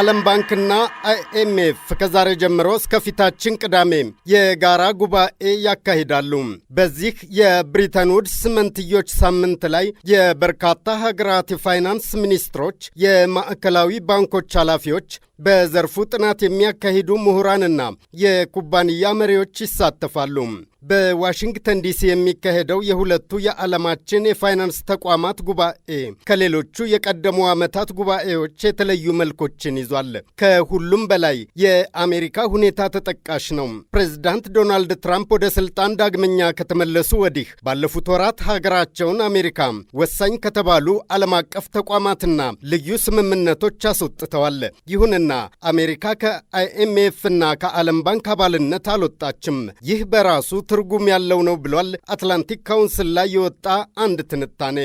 ዓለም ባንክና አይኤምኤፍ ከዛሬ ጀምሮ እስከፊታችን ቅዳሜ የጋራ ጉባኤ ያካሂዳሉ። በዚህ የብሪተን ውድስ ስምንትዮሽ ሳምንት ላይ የበርካታ ሀገራት የፋይናንስ ሚኒስትሮች፣ የማዕከላዊ ባንኮች ኃላፊዎች፣ በዘርፉ ጥናት የሚያካሂዱ ምሁራንና የኩባንያ መሪዎች ይሳተፋሉ። በዋሽንግተን ዲሲ የሚካሄደው የሁለቱ የዓለማችን የፋይናንስ ተቋማት ጉባኤ ከሌሎቹ የቀደሙ ዓመታት ጉባኤዎች የተለዩ መልኮችን ይዟል። ከሁሉም በላይ የአሜሪካ ሁኔታ ተጠቃሽ ነው። ፕሬዚዳንት ዶናልድ ትራምፕ ወደ ስልጣን ዳግመኛ ከተመለሱ ወዲህ ባለፉት ወራት ሀገራቸውን አሜሪካ ወሳኝ ከተባሉ ዓለም አቀፍ ተቋማትና ልዩ ስምምነቶች አስወጥተዋል። ይሁንና ቻይና አሜሪካ ከአይኤምኤፍና ከዓለም ባንክ አባልነት አልወጣችም። ይህ በራሱ ትርጉም ያለው ነው ብሏል አትላንቲክ ካውንስል ላይ የወጣ አንድ ትንታኔ።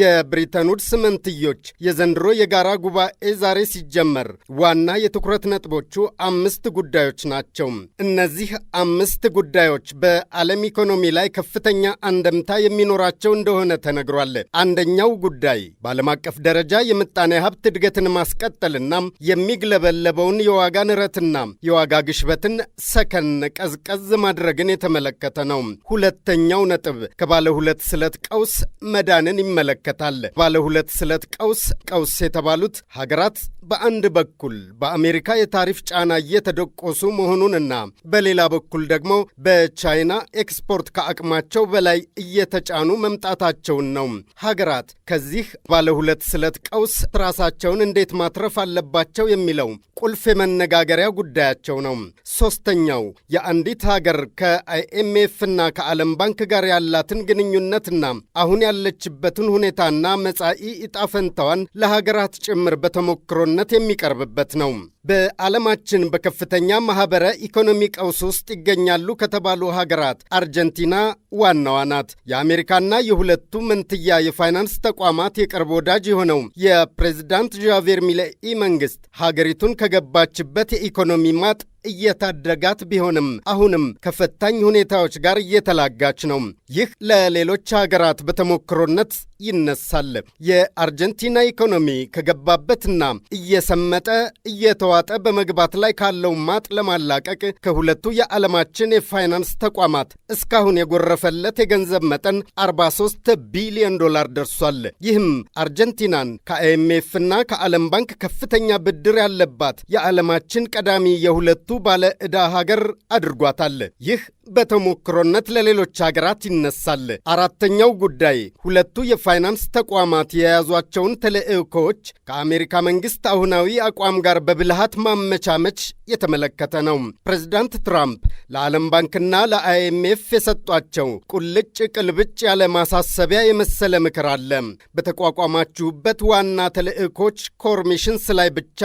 የብሪተን ውድስ መንትዮች የዘንድሮ የጋራ ጉባኤ ዛሬ ሲጀመር ዋና የትኩረት ነጥቦቹ አምስት ጉዳዮች ናቸው። እነዚህ አምስት ጉዳዮች በዓለም ኢኮኖሚ ላይ ከፍተኛ አንደምታ የሚኖራቸው እንደሆነ ተነግሯል። አንደኛው ጉዳይ በዓለም አቀፍ ደረጃ የምጣኔ ሀብት እድገትን ማስቀጠልና የሚግለበ ያንለበለበውን የዋጋ ንረትና የዋጋ ግሽበትን ሰከን ቀዝቀዝ ማድረግን የተመለከተ ነው። ሁለተኛው ነጥብ ከባለ ሁለት ስለት ቀውስ መዳንን ይመለከታል። ባለ ሁለት ስለት ቀውስ ቀውስ የተባሉት ሀገራት በአንድ በኩል በአሜሪካ የታሪፍ ጫና እየተደቆሱ መሆኑንና በሌላ በኩል ደግሞ በቻይና ኤክስፖርት ከአቅማቸው በላይ እየተጫኑ መምጣታቸውን ነው። ሀገራት ከዚህ ባለ ሁለት ስለት ቀውስ ራሳቸውን እንዴት ማትረፍ አለባቸው የሚለው ቁልፍ የመነጋገሪያ ጉዳያቸው ነው። ሶስተኛው የአንዲት ሀገር ከአይኤምኤፍና ከዓለም ባንክ ጋር ያላትን ግንኙነትና አሁን ያለችበትን ሁኔታና መጻኢ ዕጣ ፈንታዋን ለሀገራት ጭምር በተሞክሮነት የሚቀርብበት ነው። በዓለማችን በከፍተኛ ማኅበረ ኢኮኖሚ ቀውስ ውስጥ ይገኛሉ ከተባሉ ሀገራት አርጀንቲና ዋናዋ ናት። የአሜሪካና የሁለቱ መንትያ የፋይናንስ ተቋማት የቅርብ ወዳጅ የሆነው የፕሬዚዳንት ዣቬር ሚለኢ መንግሥት ሀገሪቱ ሀገሪቱን ከገባችበት የኢኮኖሚ ማጥ እየታደጋት ቢሆንም አሁንም ከፈታኝ ሁኔታዎች ጋር እየተላጋች ነው። ይህ ለሌሎች ሀገራት በተሞክሮነት ይነሳል። የአርጀንቲና ኢኮኖሚ ከገባበትና እየሰመጠ እየተዋጠ በመግባት ላይ ካለው ማጥ ለማላቀቅ ከሁለቱ የዓለማችን የፋይናንስ ተቋማት እስካሁን የጎረፈለት የገንዘብ መጠን 43 ቢሊዮን ዶላር ደርሷል። ይህም አርጀንቲናን ከአይኤምኤፍና ከዓለም ባንክ ከፍተኛ ብድር ያለባት የዓለማችን ቀዳሚ የሁለቱ ባለ ዕዳ ሀገር አድርጓታል። ይህ በተሞክሮነት ለሌሎች ሀገራት ይነሳል። አራተኛው ጉዳይ ሁለቱ የፋይናንስ ተቋማት የያዟቸውን ተልዕኮዎች ከአሜሪካ መንግሥት አሁናዊ አቋም ጋር በብልሃት ማመቻመች የተመለከተ ነው። ፕሬዚዳንት ትራምፕ ለዓለም ባንክና ለአይኤምኤፍ የሰጧቸው ቁልጭ ቅልብጭ ያለ ማሳሰቢያ የመሰለ ምክር አለ። በተቋቋማችሁበት ዋና ተልዕኮች ኮር ሚሽንስ ላይ ብቻ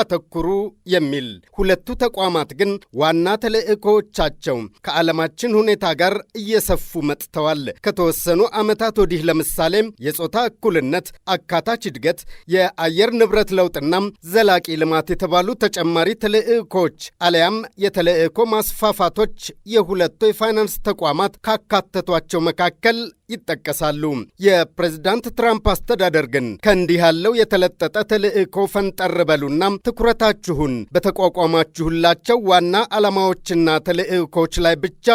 አተኩሩ የሚል ሁለቱ ተቋማት ግን ዋና ተልዕኮዎቻቸው ከዓለማችን ሁኔታ ጋር እየሰፉ መጥተዋል። ከተወሰኑ ዓመታት ወዲህ ለምሳሌም የጾታ እኩልነት፣ አካታች እድገት፣ የአየር ንብረት ለውጥና ዘላቂ ልማት የተባሉ ተጨማሪ ተልዕኮች አሊያም የተልዕኮ ማስፋፋቶች የሁለቱ የፋይናንስ ተቋማት ካካተቷቸው መካከል ይጠቀሳሉ። የፕሬዝዳንት ትራምፕ አስተዳደር ግን ከእንዲህ ያለው የተለጠጠ ተልዕኮ ፈንጠር በሉና ትኩረታችሁን በተቋቋማችሁላቸው ዋና ዓላማዎችና ተልዕኮች ላይ ብቻ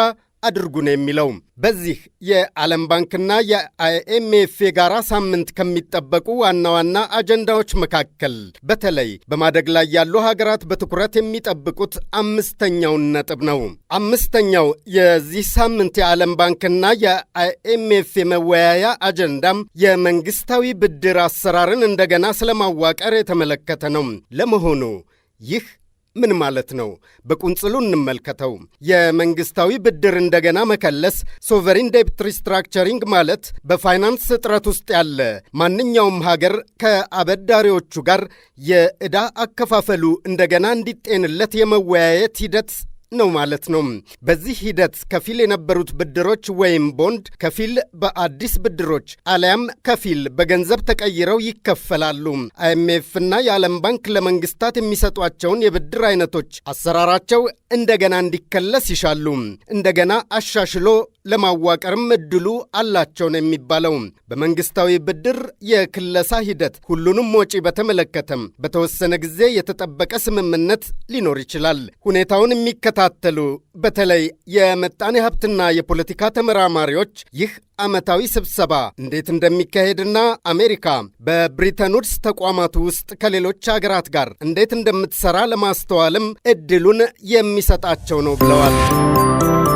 አድርጉ ነው የሚለው። በዚህ የዓለም ባንክና የአይኤምኤፍ የጋራ ሳምንት ከሚጠበቁ ዋና ዋና አጀንዳዎች መካከል በተለይ በማደግ ላይ ያሉ ሀገራት በትኩረት የሚጠብቁት አምስተኛውን ነጥብ ነው። አምስተኛው የዚህ ሳምንት የዓለም ባንክና የአይኤምኤፍ የመወያያ አጀንዳም የመንግስታዊ ብድር አሰራርን እንደገና ስለማዋቀር የተመለከተ ነው። ለመሆኑ ይህ ምን ማለት ነው? በቁንጽሉ እንመልከተው። የመንግስታዊ ብድር እንደገና መከለስ ሶቨሪን ዴፕት ሪስትራክቸሪንግ ማለት በፋይናንስ እጥረት ውስጥ ያለ ማንኛውም ሀገር ከአበዳሪዎቹ ጋር የዕዳ አከፋፈሉ እንደገና እንዲጤንለት የመወያየት ሂደት ነው ማለት ነው። በዚህ ሂደት ከፊል የነበሩት ብድሮች ወይም ቦንድ ከፊል በአዲስ ብድሮች አሊያም ከፊል በገንዘብ ተቀይረው ይከፈላሉ። አይኤምኤፍና የዓለም ባንክ ለመንግስታት የሚሰጧቸውን የብድር አይነቶች አሰራራቸው እንደገና እንዲከለስ ይሻሉ። እንደገና አሻሽሎ ለማዋቀርም እድሉ አላቸው ነው የሚባለው። በመንግስታዊ ብድር የክለሳ ሂደት ሁሉንም ወጪ በተመለከተም በተወሰነ ጊዜ የተጠበቀ ስምምነት ሊኖር ይችላል። ሁኔታውን የሚከታተሉ በተለይ የምጣኔ ሀብትና የፖለቲካ ተመራማሪዎች ይህ ዓመታዊ ስብሰባ እንዴት እንደሚካሄድና አሜሪካ በብሪተን ውድስ ተቋማት ውስጥ ከሌሎች ሀገራት ጋር እንዴት እንደምትሰራ ለማስተዋልም እድሉን የሚሰጣቸው ነው ብለዋል።